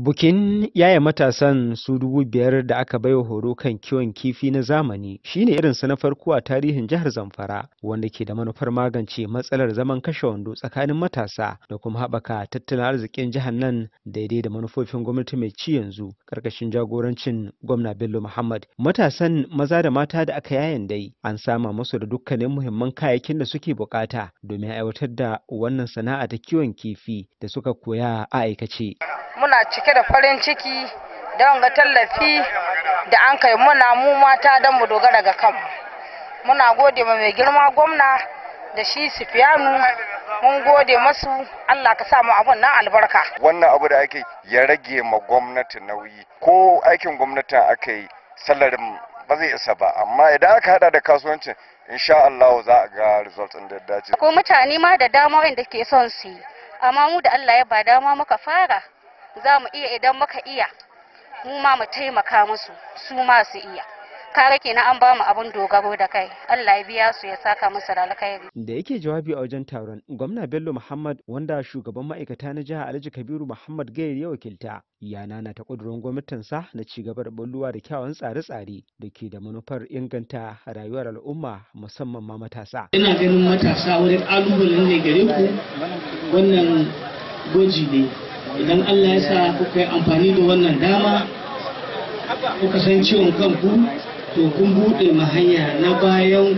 Bukin yaya matasan su dubu biyar da aka baiwa horo kan kiwon kifi na zamani shine irinsa na farko a tarihin jihar Zamfara wanda ke da manufar magance matsalar zaman kashe wando tsakanin matasa da kuma haɓaka tattalin arzikin jihar nan daidai da manufofin gwamnati mai ci yanzu karkashin jagorancin gwamna Bello Muhammad. Matasan maza da mata da aka yayan dai an sama musu da dukkanin muhimman kayayyakin da suke buƙata, domin aiwatar da wannan sana'a ta kiwon kifi da suka koya a aikace. Muna cike cike da farin ciki da wanga tallafi da an kai muna mu mata don mu dogara ga kanmu muna gode ma mai girma gwamna da shi sufiyanu mun gode masu allah ka samu abun nan albarka wannan abu da ake ya rage ma gwamnati nauyi ko aikin gwamnati aka yi salarin ba zai isa ba amma idan aka hada da kasuwancin insha Allah za a ga result din da dace ko mutane ma da dama wanda ke son su yi amma mu da Allah ya ba dama muka fara za mu iya idan muka iya mu ma mu taimaka musu su ma su iya kare kenan an ba mu abun dogaro da kai Allah ya biya su ya saka musu da alkhairi da yake jawabi a wajen taron gwamna Bello Muhammad wanda shugaban ma'aikata na jihar Alhaji Kabiru Muhammad Gayar ya wakilta ya nana ta kudurin sa na ci gaba da bulluwa da kyawun tsare-tsare da ke da manufar inganta rayuwar al'umma musamman ma matasa ina ganin matasa wani kalubalen ne gare ku wannan goji ne idan Allah ya sa kuka yi amfani da wannan dama kuka san ciwon kanku to kun buɗe mahanya na bayan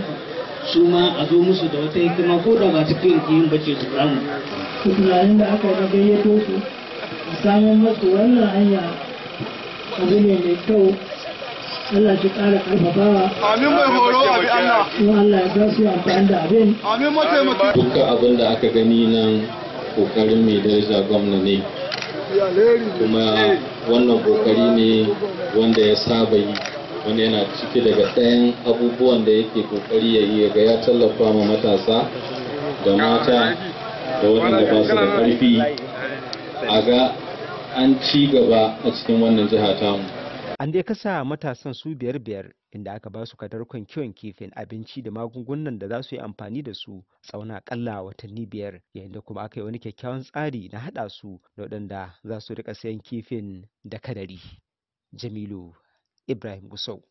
su ma a zo musu da wata hikima ko da ba ta kai yin bace su ramu. Tunanin da aka ga gayyato su a samun masu wannan hanya abu ne mai kyau Allah shi ƙara ƙarfafawa. Amin mai horo a bi Allah. in Allah ya sa su amfani da abin. Amin mataimaki. Dukkan abin da aka gani nan kokarin mai daraja gwamna ne. kuma wannan kokari ne wanda ya saba yi wanda yana ciki daga ɗayan abubuwan da yake kokari ya yi ga ya tallafa ma matasa da mata da waɗanda ba su da ƙarfi a ga an ci gaba a cikin wannan jiha tamu an dai kasa matasan su biyar biyar inda aka ba su kadarkon kiwon kifin abinci da magungunan da za su yi amfani da su tsauna kalla watanni biyar yayin da kuma aka yi wani kyakkyawan tsari na haɗa su da waɗanda za su riƙa sayan kifin da kadari jamilu ibrahim gusau